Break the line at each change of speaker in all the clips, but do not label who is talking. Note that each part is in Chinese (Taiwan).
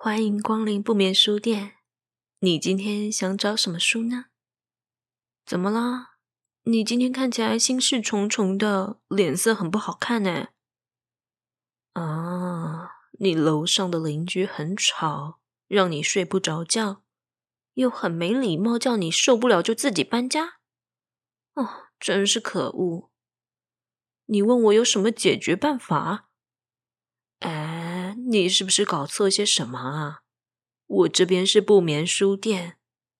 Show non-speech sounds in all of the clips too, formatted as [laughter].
歡迎光臨不眠書店。你今天想找什麼書呢？怎麼了？你今天看起來心事重重的，臉色很不好看呢。啊，你樓上的鄰居很吵，讓你睡不着覺，又很沒禮貌，叫你受不了就自己搬家。哦，真是可惡。你問我有什麼解決辦法？哎。你是不是搞錯些什麼啊？我這邊是不眠書店，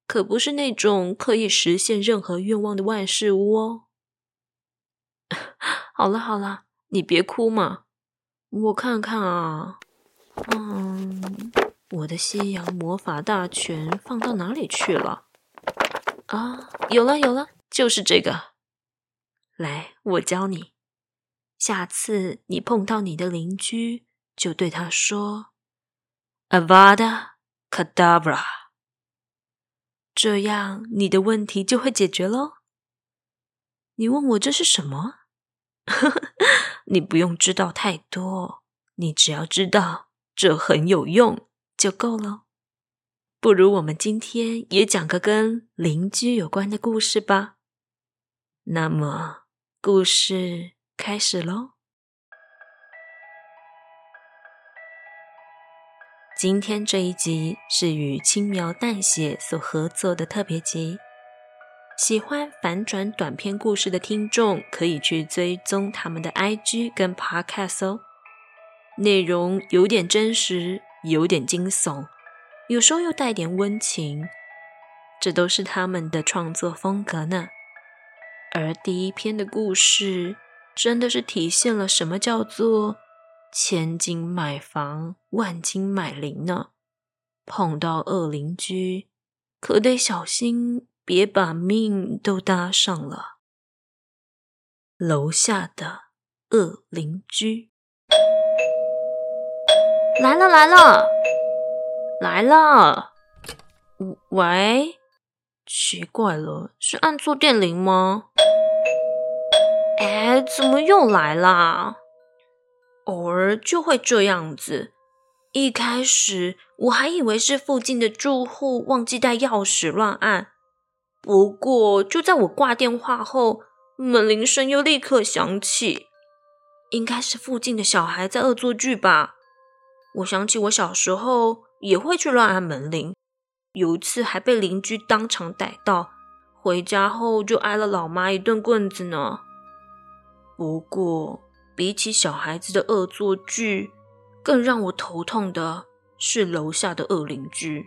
可不是那種可以實現任何願望的萬事屋哦。 [laughs] 好了好了，你別哭嘛。我看看啊，嗯，我的《西洋魔法大全》放到哪裡去了？啊，有了有了，就是這個。來，我教你。下次你碰到，你的鄰居。就對他說：“Avada Kedavra。”這樣你的問題就會解決嘍。你問我這是什麼？ [laughs] 你不用知道太多，你只要知道這很有用就夠了。不如我們今天也講個跟鄰居有關的故事吧。那麼，故事開始嘍。今天這一集是與輕描淡血所合作的特別集。喜歡反轉短篇故事的聽眾可以去追蹤他們的 IG 跟 Podcast 哦。內容有點真實，有點驚悚，有時候又帶點溫情，這都是他們的創作風格呢。而第一篇的故事，真的是體現了什麼叫做……千金買房，萬金買鄰呢。碰到惡鄰居，可得小心，別把命都搭上了。樓下的惡鄰居。來了，來了，來了。喂，奇怪了，是按錯電鈴嗎？哎，怎麼又來啦？偶爾就會這樣子。一開始我還以為是附近的住戶忘記帶鑰匙亂按，不過就在我掛電話後，門鈴聲又立刻響起，應該是附近的小孩在惡作劇吧？我想起我小時候也會去亂按門鈴，有一次還被鄰居當場逮到，回家後就挨了老媽一頓棍子呢。不過……比起小孩子的惡作劇，更讓我頭痛的是樓下的惡鄰居。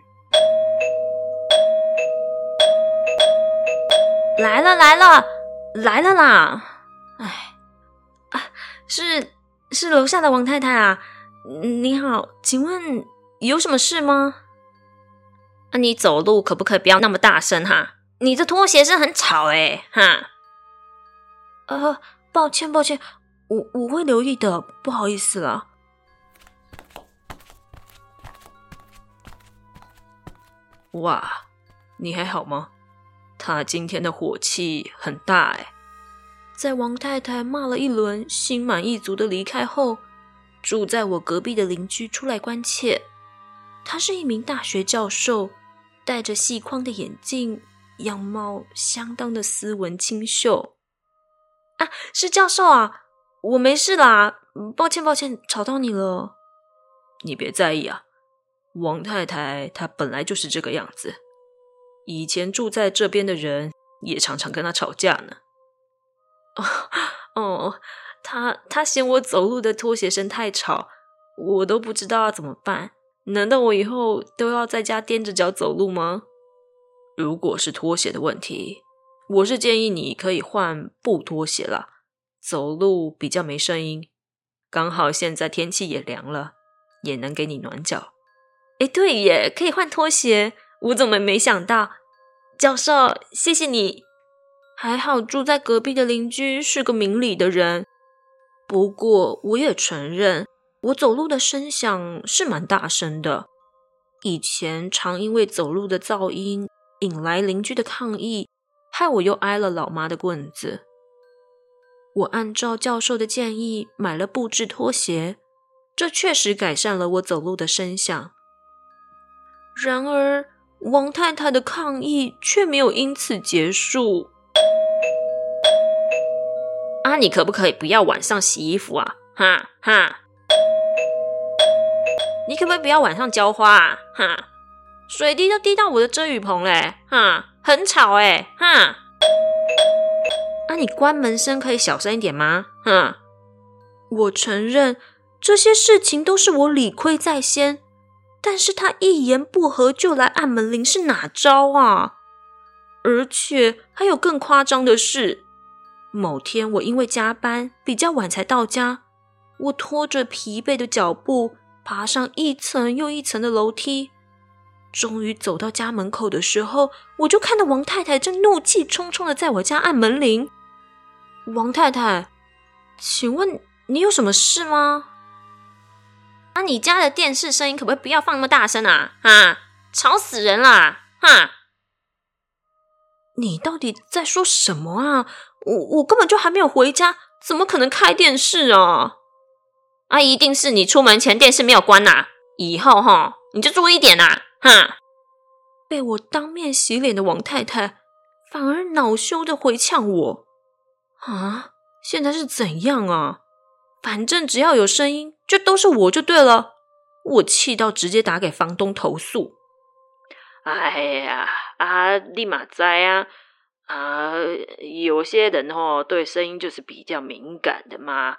來了來了來了啦！哎、啊、是是樓下的王太太啊！你好，請問有什麼事嗎？那你走路可不可以不要那麼大聲哈？你這拖鞋聲很吵哎、欸、哈。呃，抱歉抱歉。我我會留意的，不好意思啦。哇，你還好嗎？他今天的火氣很大哎。在王太太罵了一輪，心滿意足的離開後，住在我隔壁的鄰居出來關切。他是一名大學教授，戴着細框的眼鏡，樣貌相當的斯文清秀。啊，是教授啊。我沒事啦，抱歉抱歉，吵到你了。你別在意啊，王太太她本來就是這個樣子。以前住在這邊的人也常常跟她吵架呢。哦，她、哦、她嫌我走路的拖鞋聲太吵，我都不知道要、啊、怎麼辦。難道我以後都要在家踮着腳走路嗎？如果是拖鞋的問題，我是建議你可以換布拖鞋啦。走路比較沒聲音，剛好現在天氣也涼了，也能給你暖腳。哎，對耶，可以換拖鞋。我怎麼沒想到？教授，謝謝你。還好住在隔壁的鄰居是個明理的人。不過我也承認，我走路的聲響是蠻大聲的。以前常因為走路的噪音引來鄰居的抗議，害我又挨了老媽的棍子。我按照教授的建議買了布質拖鞋，這確實改善了我走路的聲響。然而，王太太的抗議卻沒有因此結束。啊，你可不可以不要晚上洗衣服啊？哈哈。你可不可以不要晚上澆花啊？哈，水滴都滴到我的遮雨棚嘞、欸，哈，很吵哎、欸，哈。那、啊、你關門聲可以小聲一點嗎？哼，我承認這些事情都是我理虧在先，但是他一言不合就來按門鈴是哪招啊？而且還有更誇張的是，某天我因為加班比較晚才到家，我拖着疲憊的腳步爬上一層又一層的樓梯，終於走到家門口的時候，我就看到王太太正怒氣冲冲的在我家按門鈴。王太太，請問你有什麼事嗎？啊，你家的電視聲音可不可以不要放那麼大聲啊？啊，吵死人啦！哈，你到底在說什麼啊？我我根本就還沒有回家，怎麼可能開電視啊？啊，一定是你出門前電視沒有關吶！啊，以後哈，你就注意點吶！哈，被我當面洗臉的王太太，反而惱羞的回嗆我。啊，現在是怎樣啊？反正只要有聲音，就都是我就對了。我氣到直接打給房東投訴。哎呀，啊，立馬在啊啊！有些人哦對聲音就是比較敏感的嘛，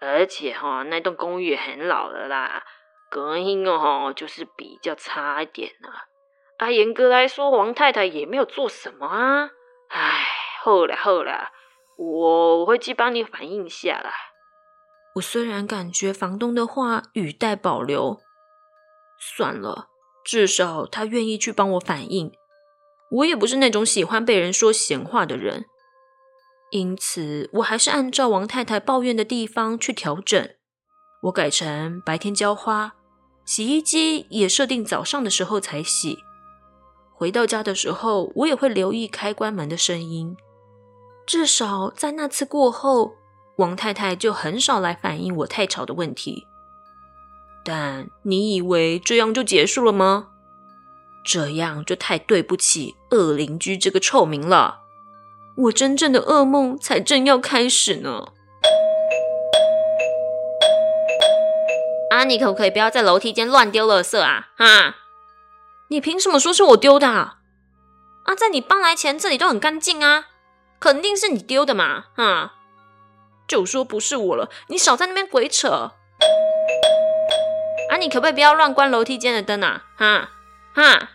而且哈、哦、那棟公寓很老了啦，隔音哦就是比較差一點啊。啊，嚴格來說，王太太也沒有做什麼啊。哎，好了好了。我我會去幫你反映下來。我雖然感覺房東的話語帶保留，算了，至少他願意去幫我反映。我也不是那種喜歡被人說閒話的人，因此我還是按照王太太抱怨的地方去調整。我改成白天澆花，洗衣機也設定早上的時候才洗。回到家的時候，我也會留意開關門的聲音。至少在那次過後，王太太就很少來反映我太吵的問題。但你以為這樣就結束了嗎？這樣就太對不起“惡鄰居”這個臭名了。我真正的噩夢才正要開始呢！啊，你可不可以不要在樓梯間亂丟垃圾啊？啊，你憑什麼說是我丟的啊？啊，在你搬來前，這裡都很乾淨啊。肯定是你丟的嘛，哈！就說不是我了，你少在那邊鬼扯。啊，你可不可以不要亂關樓梯間的燈啊？哈，哈！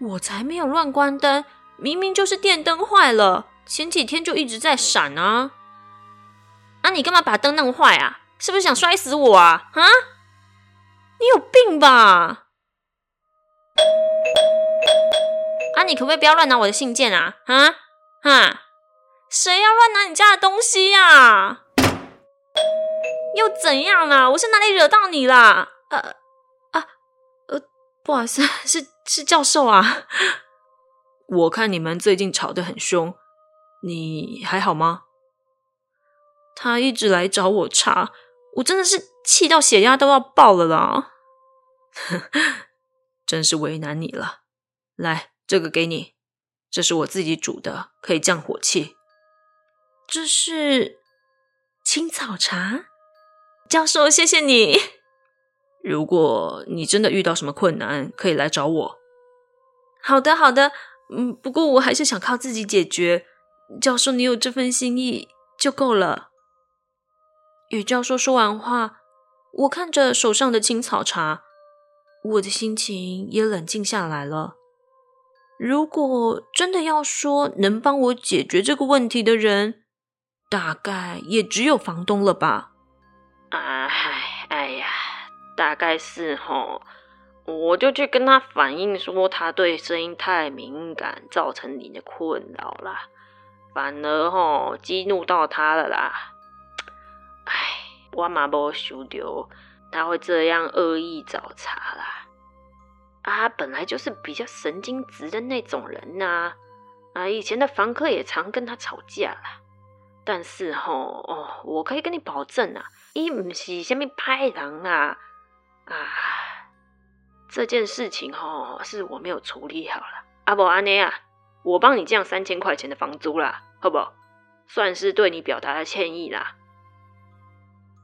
我才沒有亂關燈，明明就是電燈壞了，前幾天就一直在閃啊。啊，你幹嘛把燈弄壞啊？是不是想摔死我啊？哈？你有病吧？啊，你可不可以不要亂拿我的信件啊？哈？哈，誰要亂拿你家的東西呀，啊？又怎樣啦，啊？我是哪裡惹到你了？呃啊呃，不好意思，是是教授啊。 [laughs] 我看你們最近吵得很兇，你還好嗎？他一直來找我碴，我真的是氣到血壓都要爆了啦！ [laughs] 真是為難你了。來，這個給你。這是我自己煮的，可以降火氣。這是青草茶，教授，謝謝你。如果你真的遇到什麼困難，可以來找我。好的，好的，嗯，不過我還是想靠自己解決。教授，你有這份心意就夠了。與教授說完話，我看着手上的青草茶，我的心情也冷靜下來了。如果真的要說能幫我解決這個問題的人，大概也只有房東了吧。哎，哎呀，大概是吼、哦，我就去跟他反映說他對聲音太敏感，造成你的困擾啦，反而吼、哦、激怒到他了啦。哎，我嘛無想到他會這樣惡意找茬啦。啊，本來就是比較神經質的那種人吶，啊，啊，以前的房客也常跟他吵架啦。但是吼，哦，我可以跟你保證啊，你不是什麼壞人啊啊，這件事情吼是我沒有處理好了。啊不然這樣啊，我幫你降三千塊錢的房租啦，好不？算是對你表達的歉意啦。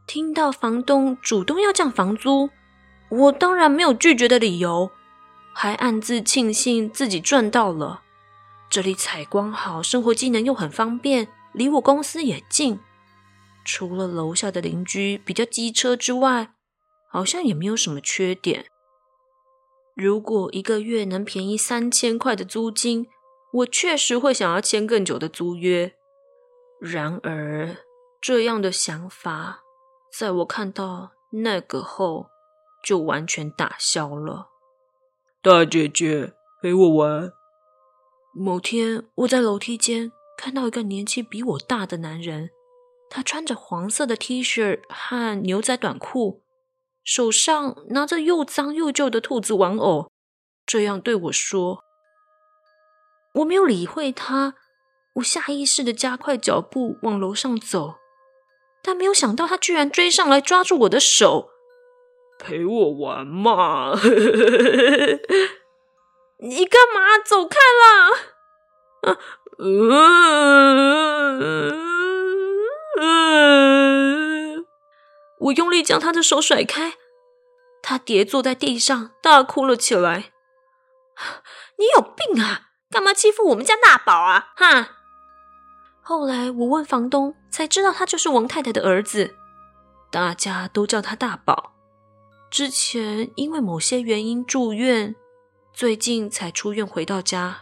聽到房東主動要降房租，我當然沒有拒絕的理由。還暗自慶幸自己賺到了。這裡採光好，生活機能又很方便，離我公司也近。除了樓下的鄰居比較機車之外，好像也沒有什麼缺點。如果一個月能便宜三千塊的租金，我確實會想要簽更久的租約。然而，這樣的想法在我看到那個後就完全打消了。大姐姐，陪我玩。某天，我在樓梯間看到一個年紀比我大的男人，他穿着黃色的 T 恤和牛仔短褲，手上拿着又髒又舊的兔子玩偶，這樣對我說。我沒有理會他，我下意識的加快腳步往樓上走，但沒有想到他居然追上來，抓住我的手。陪我玩嘛！ [laughs] 你幹嘛、啊、走開啦？嗯、啊、嗯、呃呃呃！我用力將他的手甩開，他跌坐在地上，大哭了起來。啊、你有病啊？幹嘛欺負我們家大寶啊？哈！後來我問房東，才知道他就是王太太的兒子，大家都叫他大寶。之前因為某些原因住院，最近才出院回到家。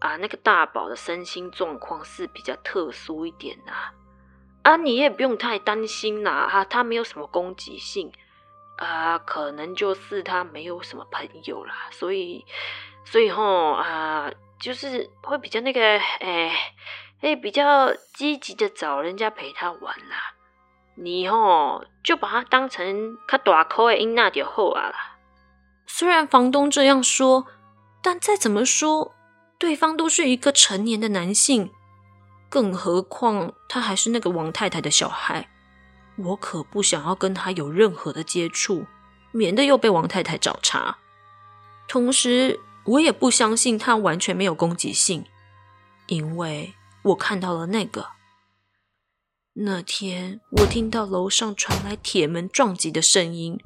啊，那個大寶的身心狀況是比較特殊一點吶，啊。啊，你也不用太擔心啊，啊，他沒有什麼攻擊性，啊，可能就是他沒有什麼朋友啦，所以，所以吼啊，就是會比較那個，哎，欸，比較積極的找人家陪他玩啦。你吼、哦，就把他當成他大口的囡仔就好啦。雖然房東這樣說，但再怎麼說，對方都是一個成年的男性，更何況他還是那個王太太的小孩。我可不想要跟他有任何的接觸，免得又被王太太找茬。同時，我也不相信他完全沒有攻擊性，因為我看到了那個。那天，我聽到樓上傳來鐵門撞擊的聲音。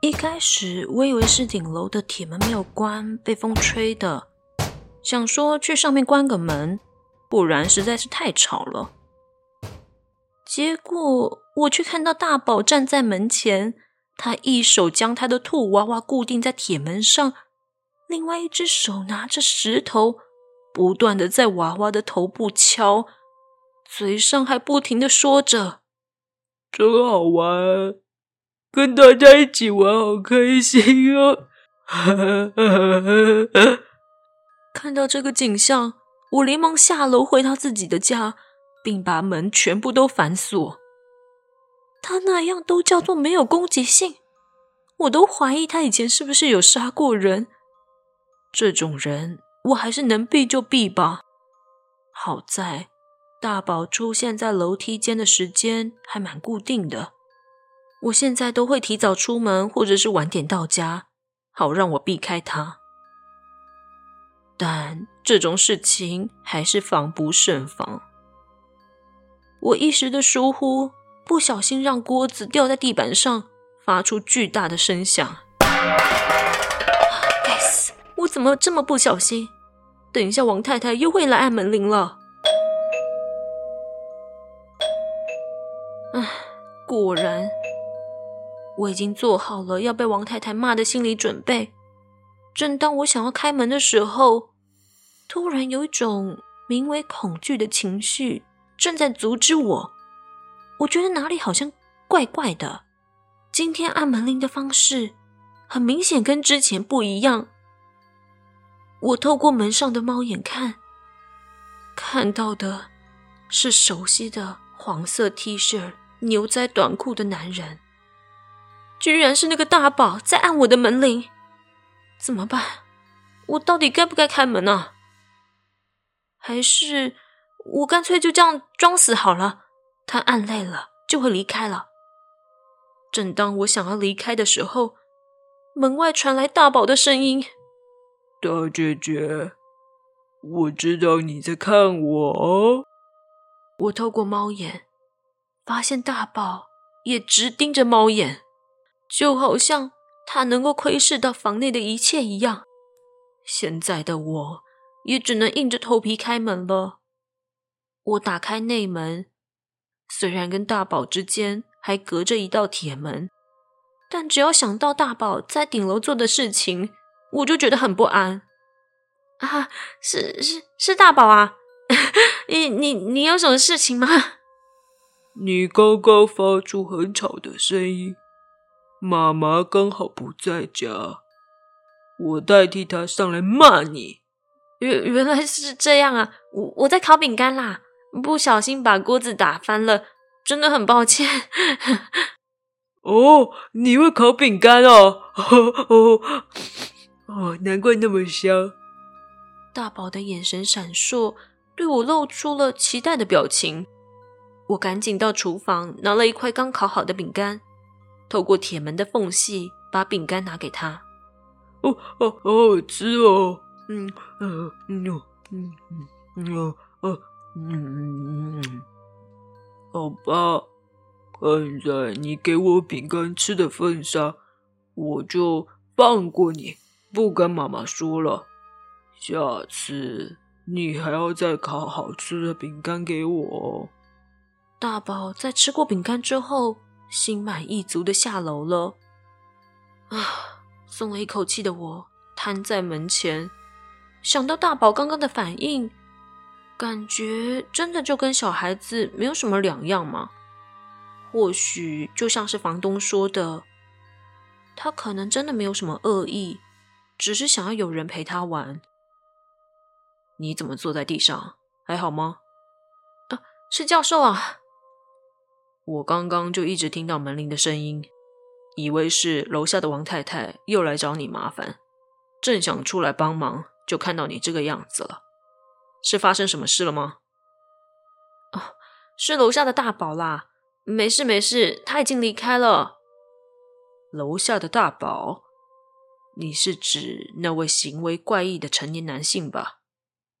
一開始，我以為是頂樓的鐵門沒有關，被風吹的，想說去上面關個門，不然實在是太吵了。結果，我卻看到大寶站在門前，他一手將他的兔娃娃固定在鐵門上，另外一只手拿着石頭，不斷的在娃娃的頭部敲。嘴上還不停的說着：“真好玩，跟大家一起玩，好開心啊！” [laughs] 看到這個景象，我連忙下樓回到自己的家，並把門全部都反鎖。他那樣都叫做沒有攻擊性，我都懷疑他以前是不是有殺過人。這種人，我還是能避就避吧。好在。大寶出現在樓梯間的時間還蠻固定的，我現在都會提早出門或者是晚點到家，好讓我避開他。但這種事情還是防不勝防。我一時的疏忽，不小心讓鍋子掉在地板上，發出巨大的聲響。啊，該死，我怎麼這麼不小心？等一下，王太太又會來按門鈴了。果然，我已經做好了要被王太太罵的心理準備。正當我想要開門的時候，突然有一種名為恐懼的情緒正在阻止我。我覺得哪裡好像怪怪的。今天按門鈴的方式很明顯跟之前不一樣。我透過門上的貓眼看，看到的是熟悉的黃色 T 恤。牛仔短褲的男人，居然是那個大寶在按我的門鈴，怎麼辦？我到底該不該開門呢？啊？還是我乾脆就這樣裝死好了？他按累了就會離開了。正當我想要離開的時候，門外傳來大寶的聲音：“大姐姐，我知道你在看我哦。”我透過貓眼。發現大寶也直盯着貓眼，就好像他能夠窺視到房內的一切一樣。現在的我也只能硬着頭皮開門了。我打開內門，雖然跟大寶之間還隔着一道鐵門，但只要想到大寶在頂樓做的事情，我就覺得很不安。啊，是是是大寶啊！ [laughs] 你你你有什麼事情嗎？你剛剛發出很吵的聲音，媽媽剛好不在家，我代替她上來罵你。原原來是這樣啊！我我在烤餅乾啦，不小心把鍋子打翻了，真的很抱歉。 [laughs] 哦，你會烤餅乾哦？哦 [laughs] 哦，難怪那麼香。大寶的眼神閃爍，對我露出了期待的表情。我趕緊到廚房拿了一塊剛烤好的餅乾，透過鐵門的縫隙把餅乾拿給他。哦哦好好吃哦！嗯嗯嗯嗯嗯嗯嗯嗯嗯，好吧，看在你給我餅乾吃的份上，我就放過你，不跟媽媽說了。下次你還要再烤好吃的餅乾給我。大寶在吃過餅乾之後，心滿意足地下樓了。啊，鬆了一口氣的我癱在門前，想到大寶剛剛的反應，感覺真的就跟小孩子沒有什麼兩樣嗎？或許就像是房東說的，他可能真的沒有什麼惡意，只是想要有人陪他玩。你怎麼坐在地上？還好嗎？啊，是教授啊。我剛剛就一直聽到門鈴的聲音，以為是樓下的王太太又來找你麻煩，正想出來幫忙，就看到你這個樣子了。是發生什麼事了嗎？啊，是樓下的大寶啦，沒事沒事，他已經離開了。樓下的大寶？你是指那位行為怪異的成年男性吧？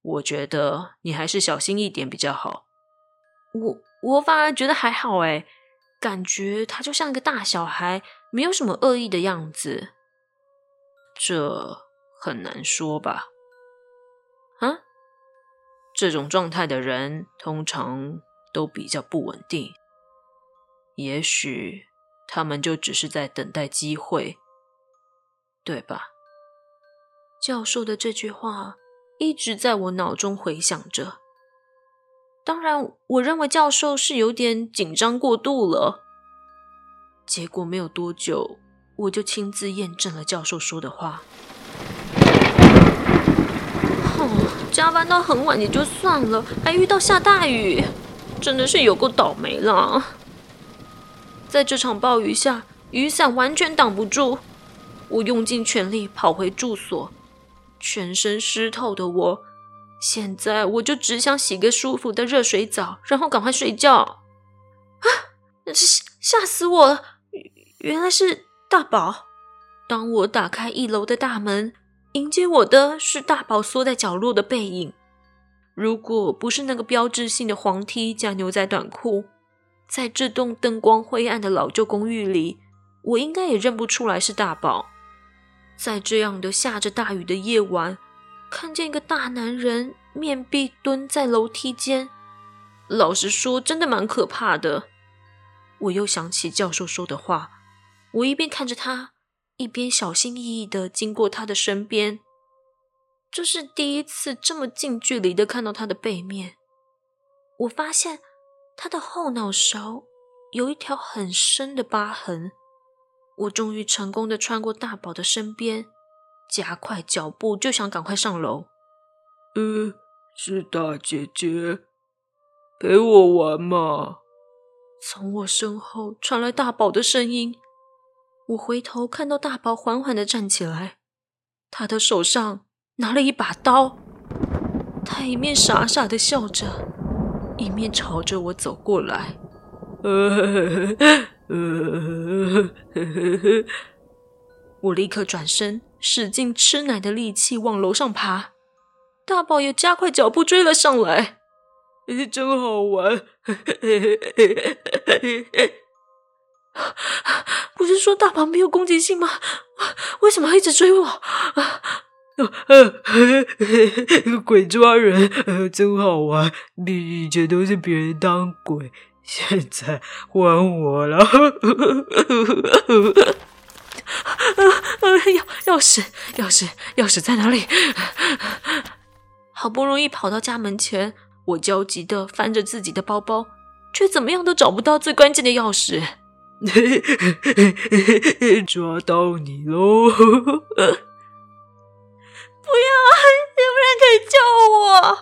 我覺得你還是小心一點比較好。我。我反而覺得還好哎，感覺他就像一個大小孩，沒有什麼惡意的樣子。這很難說吧？啊？這種狀態的人通常都比較不穩定。也許他們就只是在等待機會，對吧？教授的這句話一直在我腦中回響着。當然，我認為教授是有點緊張過度了。結果沒有多久，我就親自驗證了教授說的話。哼、哦，加班到很晚也就算了，還遇到下大雨，真的是有夠倒霉了。在這場暴雨下，雨傘完全擋不住，我用盡全力跑回住所，全身濕透的我。現在我就只想洗個舒服的熱水澡，然後趕快睡覺。啊！嚇嚇死我了！原來是大寶。當我打開一樓的大門，迎接我的是大寶縮在角落的背影。如果不是那個標誌性的黃 T 加牛仔短褲，在這棟燈光灰暗的老舊公寓裡，我應該也認不出來是大寶。在這樣的下着大雨的夜晚。看見一個大男人面壁蹲在樓梯間，老實說，真的蠻可怕的。我又想起教授說的話，我一邊看着他，一邊小心翼翼的經過他的身邊。這、就是第一次這麼近距離的看到他的背面，我發現他的後腦勺有一條很深的疤痕。我終於成功的穿過大寶的身邊。加快腳步，就想趕快上樓。呃，是大姐姐陪我玩嘛？從我身後傳來大寶的聲音。我回頭看到大寶緩緩的站起來，他的手上拿了一把刀。他一面傻傻的笑着，一面朝着我走過來。呃。我立刻轉身。使盡吃奶的力氣，往樓上爬，大寶也加快腳步追了上來。真好玩！ [laughs] 不是說大寶沒有攻擊性嗎？為什麼還一直追我？ [laughs] 鬼抓人，真好玩！你以前都是別人當鬼，現在換我了。 [laughs] 啊，啊！鑰匙，鑰匙，鑰匙在哪裡？好不容易跑到家門前，我焦急地翻着自己的包包，卻怎麼樣都找不到最關鍵的鑰匙。抓到你嘍！啊！不要，有人可以救我。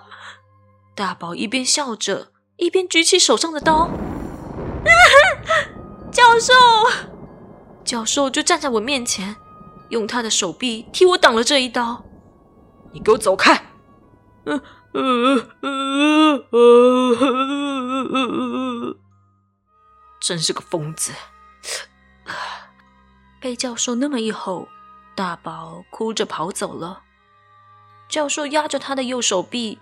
大寶一邊笑着，一邊舉起手上的刀。啊、教授。教授就站在我面前，用他的手臂替我擋了這一刀。你給我走開！真是個瘋子！ [laughs] 被教授那麼一吼，大寶哭着跑走了。教授壓着他的右手臂，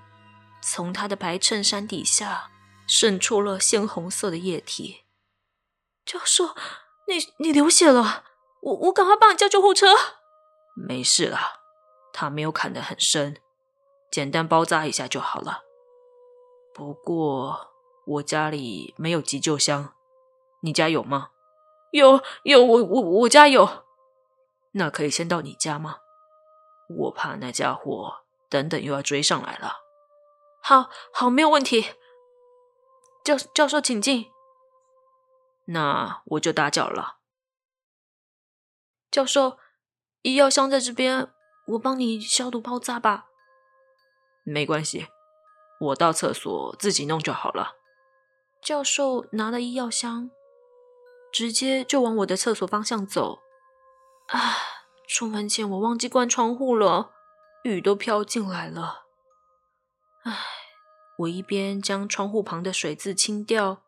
從他的白襯衫底下滲出了鮮紅色的液體。教授。你你流血了，我我趕快幫你叫救護車。沒事了，他沒有砍得很深，簡單包紮一下就好了。不過我家裡沒有急救箱，你家有嗎？有有，我我我家有。那可以先到你家嗎？我怕那家伙等等又要追上來了。好好，沒有問題。教教授，請進。那我就打攪了。教授，醫藥箱在這邊，我幫你消毒包紮吧。沒關係，我到廁所自己弄就好了。教授拿了醫藥箱，直接就往我的廁所方向走。啊，出門前我忘記關窗戶了，雨都飄進來了。唉，我一邊將窗戶旁的水漬清掉。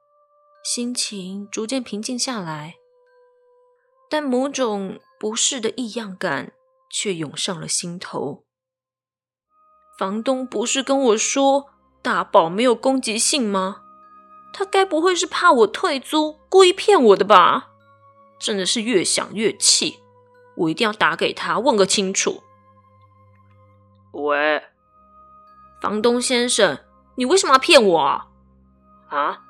心情逐漸平靜下來，但某種不適的異樣感卻湧上了心頭。房東不是跟我說大寶沒有攻擊性嗎？他該不會是怕我退租，故意騙我的吧？真的是越想越氣，我一定要打給他問個清楚。喂，房東先生，你為什麼要騙我啊？啊？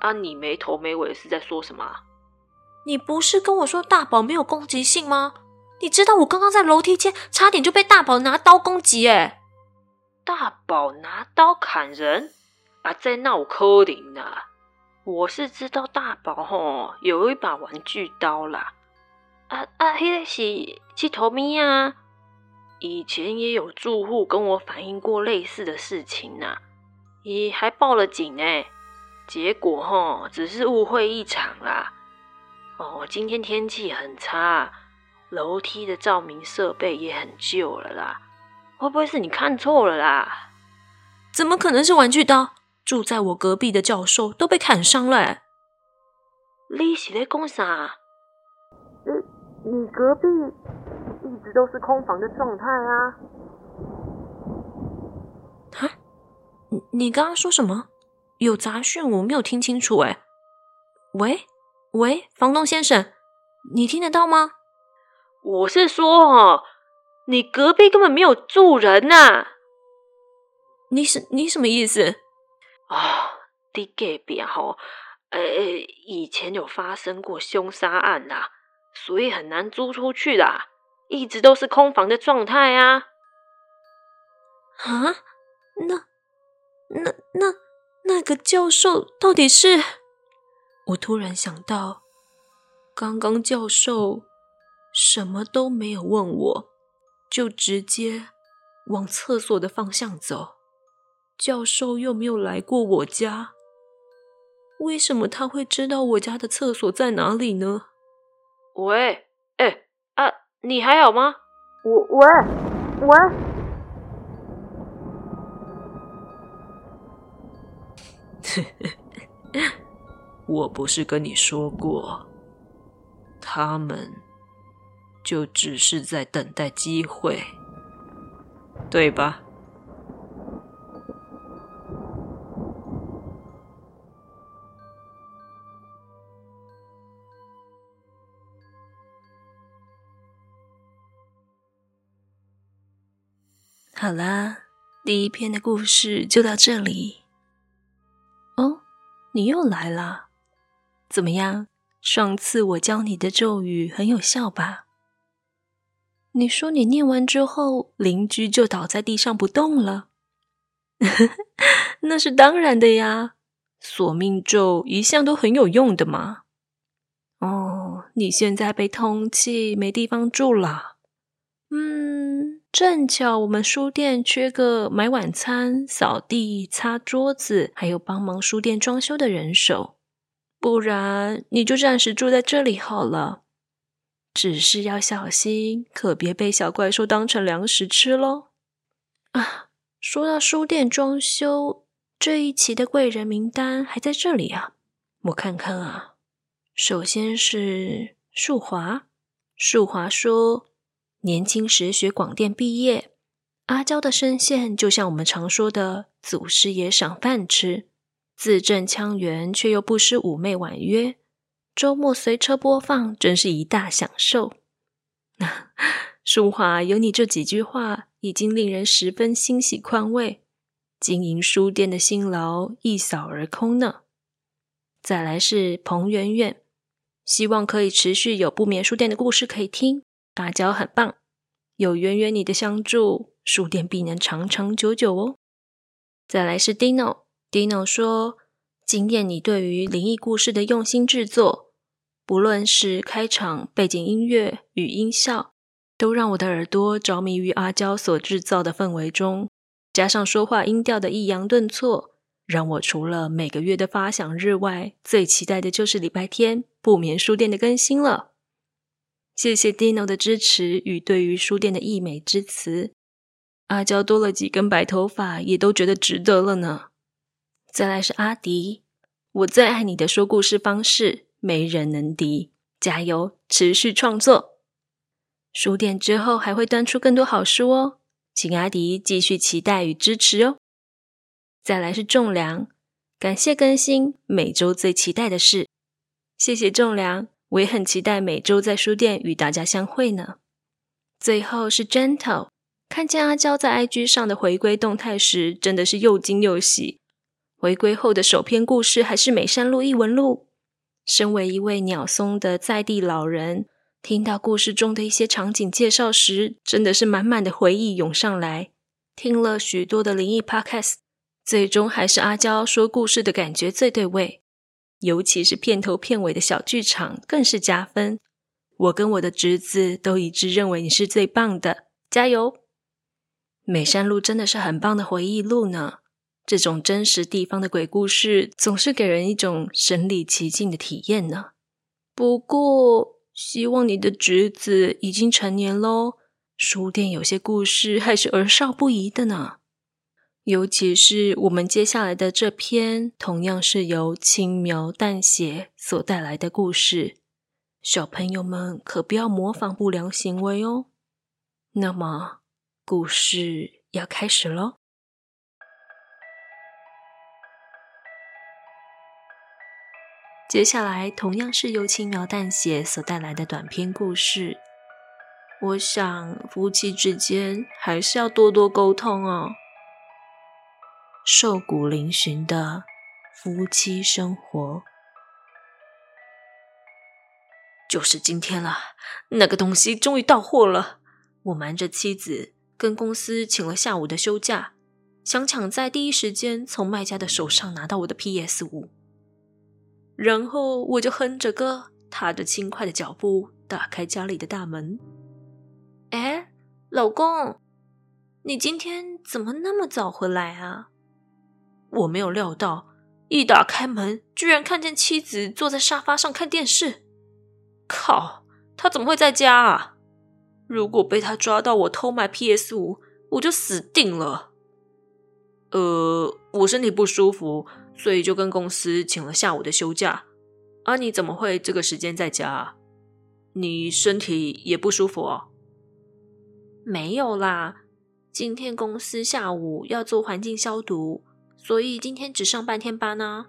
啊！你沒頭沒尾是在說什麼？你不是跟我說大寶沒有攻擊性嗎？你知道我剛剛在樓梯間差點就被大寶拿刀攻擊哎、欸！大寶拿刀砍人啊，在鬧柯林啊！我是知道大寶吼有一把玩具刀啦。啊啊，那個是雞頭咪啊！以前也有住戶跟我反映過類似的事情吶、啊，咦，還報了警哎、欸！結果齁，只是誤會一場啦。哦，今天天氣很差，樓梯的照明設備也很舊了啦。會不會是你看錯了啦？怎麼可能是玩具刀？住在我隔壁的教授都被砍傷了，欸。你是咧講啥？你、嗯、你隔壁一直都是空房的狀態啊？啊？你你剛剛說什麼？有雜訊，我沒有聽清楚，欸。誒喂喂，房東先生，你聽得到嗎？我是說，哦，你隔壁根本沒有住人吶，啊。你是你什麼意思啊？第隔壁吼，呃，以前有發生過凶殺案啦，所以很難租出去的，一直都是空房的狀態啊。啊，那那那。那那個教授到底是……我突然想到，剛剛教授什麼都沒有問我，就直接往廁所的方向走。教授又沒有來過我家，為什麼他會知道我家的廁所在哪裡呢？喂，哎、欸、啊，你還好嗎？我喂喂。我我呵呵， [laughs] 我不是跟你說過，他們就只是在等待機會，對吧？好啦，第一篇的故事就到這裡。你又來了，怎麼樣？上次我教你的咒語很有效吧？你說你念完之後，鄰居就倒在地上不動了？ [laughs] 那是當然的呀，索命咒一向都很有用的嘛。哦，你現在被通緝，沒地方住了？嗯。正巧我們書店缺個買晚餐、掃地、擦桌子，還有幫忙書店裝修的人手，不然你就暫時住在這裡好了。只是要小心，可別被小怪獸當成糧食吃嘍。啊，說到書店裝修，這一期的貴人名單還在這裡啊，我看看啊，首先是樹華，樹華說。年輕時學廣電畢業，阿嬌的聲線就像我們常說的“祖師爺賞飯吃”，字正腔圓卻又不失嫵媚婉約。週末隨車播放，真是一大享受。那淑 [laughs] 華有你這幾句話，已經令人十分欣喜寬慰，經營書店的辛勞一掃而空呢。再來是彭媛媛，希望可以持續有不眠書店的故事可以聽。阿嬌很棒，有圓圓你的相助，書店必能長長久久哦。再來是 Dino，Dino 說：驚艷你對於靈異故事的用心制作，不論是開場背景音樂與音效，都讓我的耳朵着迷於阿嬌所制造的氛圍中，加上說話音調的抑揚頓挫，讓我除了每個月的發想日外，最期待的就是禮拜天不眠書店的更新了。謝謝 Dino 的支持與對於書店的溢美之詞，阿焦多了幾根白頭髮，也都覺得值得了呢。再來是阿迪，我最愛你的說故事方式，沒人能敵，加油，持續創作。書店之後還會端出更多好書哦，請阿迪繼續期待與支持哦。再來是仲良，感謝更新，每周最期待的事，謝謝仲良。我也很期待每周在書店與大家相會呢。最後是 Gentle，看見阿焦在 IG 上的回歸動態時，真的是又驚又喜。回歸後的首篇故事還是美山路異聞錄。身為一位鳥松的在地老人，聽到故事中的一些場景介紹時，真的是滿滿的回憶湧上來。聽了許多的靈異 Podcast，最終還是阿焦說故事的感覺最對味。尤其是片頭片尾的小劇場更是加分。我跟我的侄子都一致認為你是最棒的，加油！美山路真的是很棒的回憶錄呢。這種真實地方的鬼故事總是給人一種身歷其境的體驗呢。不過，希望你的侄子已經成年嘍。書店有些故事還是兒少不宜的呢。尤其是我們接下來的這篇，同樣是由輕描淡血所帶來的故事，小朋友們可不要模仿不良行為哦。那麼，故事要開始嘍。接下來同樣是由輕描淡血所帶來的短篇故事，我想夫妻之間還是要多多溝通哦。瘦骨嶙峋的夫妻生活，就是今天了。那個東西終於到貨了。我瞞着妻子跟公司請了下午的休假，想搶在第一時間從賣家的手上拿到我的 PS5。然後我就哼着歌，踏着輕快的腳步，打開家裡的大門。哎，老公，你今天怎麼那麼早回來啊？我沒有料到，一打開門，居然看見妻子坐在沙發上看電視。靠，他怎麼會在家啊？如果被他抓到我偷買 PS5，我就死定了。呃，我身體不舒服，所以就跟公司請了下午的休假。啊，你怎麼會這個時間在家？你身體也不舒服哦？沒有啦，今天公司下午要做環境消毒。所以今天只上半天班啊。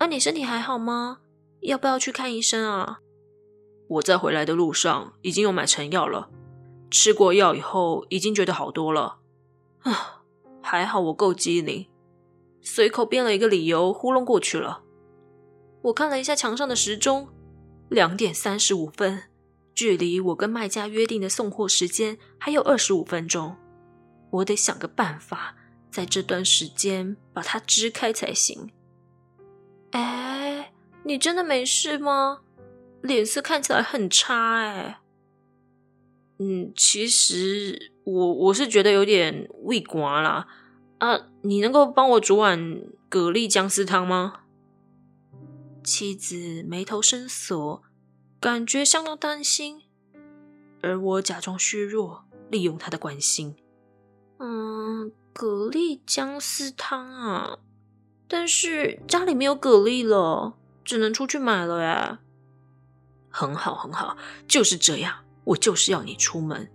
那你身體還好嗎？要不要去看醫生啊？我在回來的路上已經有買成藥了，吃過藥以後已經覺得好多了。啊，還好我夠機靈，隨口編了一個理由糊弄過去了。我看了一下牆上的時鐘，兩點三十五分，距離我跟賣家約定的送貨時間還有二十五分鐘，我得想個辦法。在這段時間把它支開才行。哎，你真的沒事嗎？臉色看起來很差哎。嗯，其實我我是覺得有點胃寡了啊，你能夠幫我煮碗蛤蜊薑絲湯嗎？妻子眉頭深鎖，感覺相當擔心。而我假裝虛弱，利用他的關心。嗯。蛤蜊薑絲湯啊，但是家裡沒有蛤蜊了，只能出去買了呀。很好，很好，就是這樣，我就是要你出門。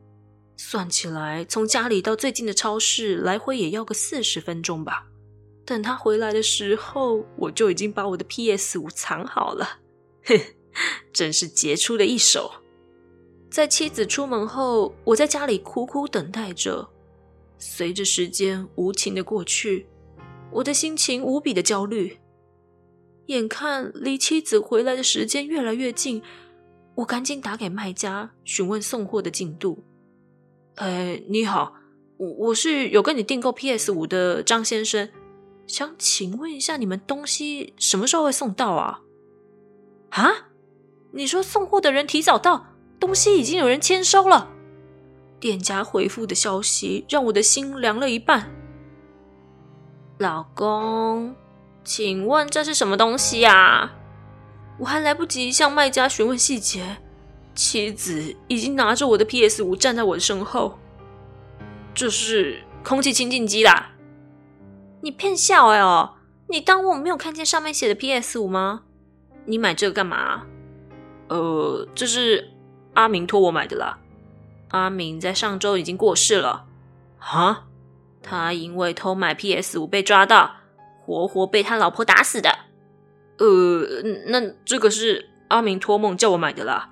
算起來，從家裡到最近的超市來回也要個四十分鐘吧。等他回來的時候，我就已經把我的 PS5 藏好了。哼，真是傑出的一手。在妻子出門後，我在家裡苦苦等待着。隨着時間無情的過去，我的心情無比的焦慮。眼看離妻子回來的時間越來越近，我趕緊打給賣家詢問送貨的進度。呃、哎，你好，我我是有跟你訂購 PS5 的張先生，想請問一下你們東西什麼時候會送到啊？啊？你說送貨的人提早到，東西已經有人簽收了。店家回復的消息，讓我的心涼了一半。老公，請問這是什麼東西啊？我還來不及向賣家詢問細節，妻子已經拿着我的 PS5 站在我的身後。這是空氣清淨機啦！你騙笑哎哦！你當我沒有看見上面寫的 PS5 嗎？你買這個幹嘛？呃，這是阿明托我買的啦。阿明在上週已經過世了，啊蛤，他因為偷買 PS5 被抓到，活活被他老婆打死的。呃，那這個是阿明托夢叫我買的啦。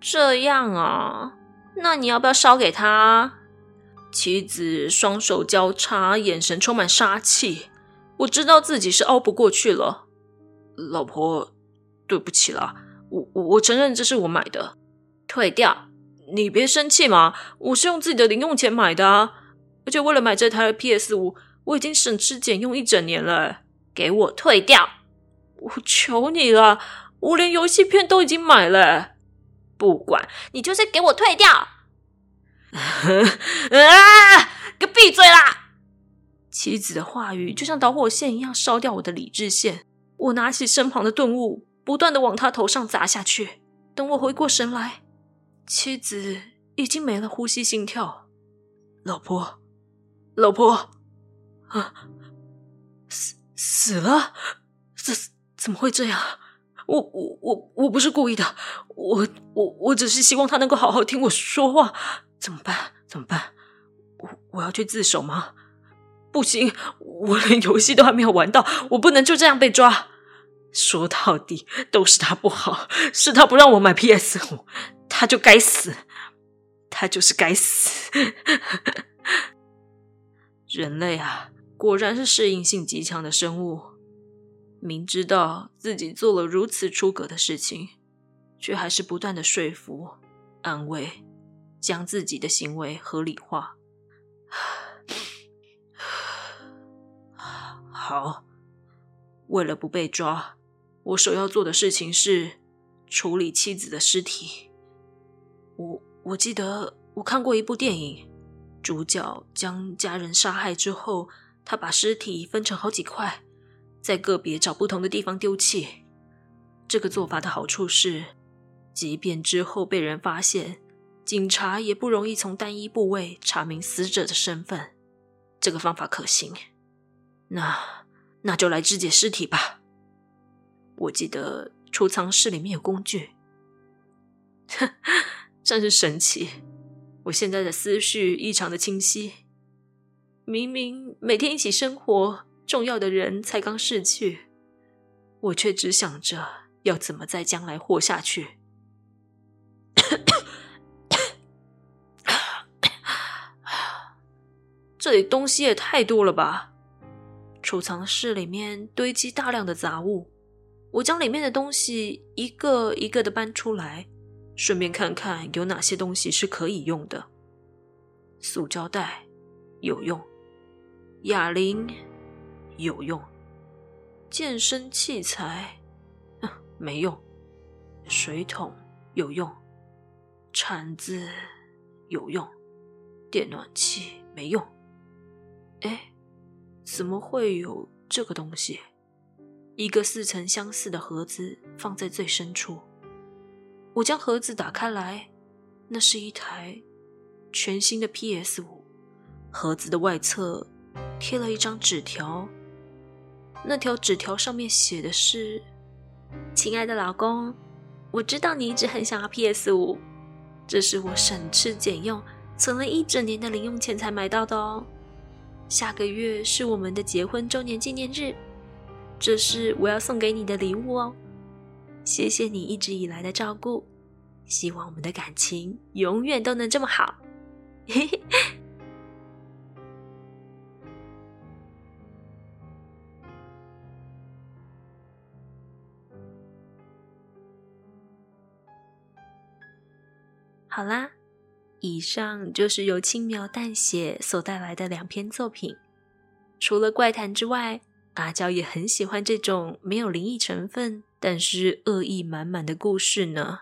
這樣啊，那你要不要燒給他？妻子雙手交叉，眼神充滿殺氣。我知道自己是熬不過去了，老婆，對不起啦，我我我承認這是我買的，退掉。你別生氣嘛，我是用自己的零用錢買的，啊，而且為了買這台的 PS 五，我已經省吃儉用一整年了，欸。給我退掉，我求你了，我連遊戲片都已經買了，欸。不管，你就是給我退掉。 [laughs] 啊！給閉嘴啦！妻子的話語就像導火線一樣燒掉我的理智線。我拿起身旁的鈍物，不斷的往他頭上砸下去。等我回過神來。妻子已經沒了呼吸、心跳。老婆，老婆，啊，死死了，這怎麼會這樣？我我我我不是故意的，我我我只是希望他能夠好好聽我說話，怎麼辦？怎麼辦？我我要去自首嗎？不行，我連遊戲都還沒有玩到，我不能就這樣被抓。說到底都是他不好，是他不讓我買 PS 五。他就該死，他就是該死。 [laughs] 人類啊，果然是適應性極強的生物。明知道自己做了如此出格的事情，卻還是不斷的說服、安慰，將自己的行為合理化。好，為了不被抓，我首要做的事情是處理妻子的屍體。我我記得我看過一部電影，主角將家人殺害之後，他把屍體分成好幾塊，在個別找不同的地方丟棄。這個做法的好處是，即便之後被人發現，警察也不容易從單一部位查明死者的身份。這個方法可行，那那就來肢解屍體吧。我記得儲藏室裡面有工具。 [laughs] 真是神奇！我現在的思緒異常的清晰。明明每天一起生活，重要的人才剛逝去，我卻只想着要怎麼在將來活下去。 [coughs] 這裡東西也太多了吧？儲藏室裡面堆積大量的雜物，我將裡面的東西一個一個的搬出來。順便看看有哪些東西是可以用的。塑膠袋有用，啞鈴有用，健身器材嗯，沒用，水桶有用，鏟子有用，電暖器沒用。哎，怎麼會有這個東西？一個似曾相識的盒子放在最深處。我將盒子打開來，那是一台全新的 PS 五。盒子的外側貼了一張紙條，那條紙條上面寫的是：“親愛的老公，我知道你一直很想要 PS 五，這是我省吃儉用存了一整年的零用錢才買到的哦。下個月是我們的結婚周年紀念日，這是我要送給你的禮物哦。”謝謝你一直以來的照顧，希望我們的感情永遠都能這麼好。 [laughs] 好啦，以上就是由輕描淡血所帶來的兩篇作品，除了怪談之外，阿嬌也很喜歡這種沒有靈異成分，但是惡意滿滿的故事呢。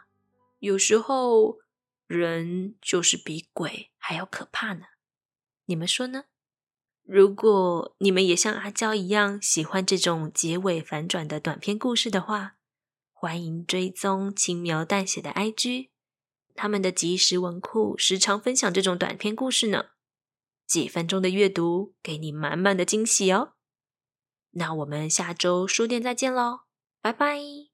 有時候人就是比鬼還要可怕呢。你們說呢？如果你們也像阿焦一樣喜歡這種結尾反轉的短篇故事的話，歡迎追蹤輕描淡血的 IG，他們的即時文庫時常分享這種短篇故事呢。幾分鐘的閱讀，給你滿滿的驚喜哦。那我們下周書店再見嘍，拜拜。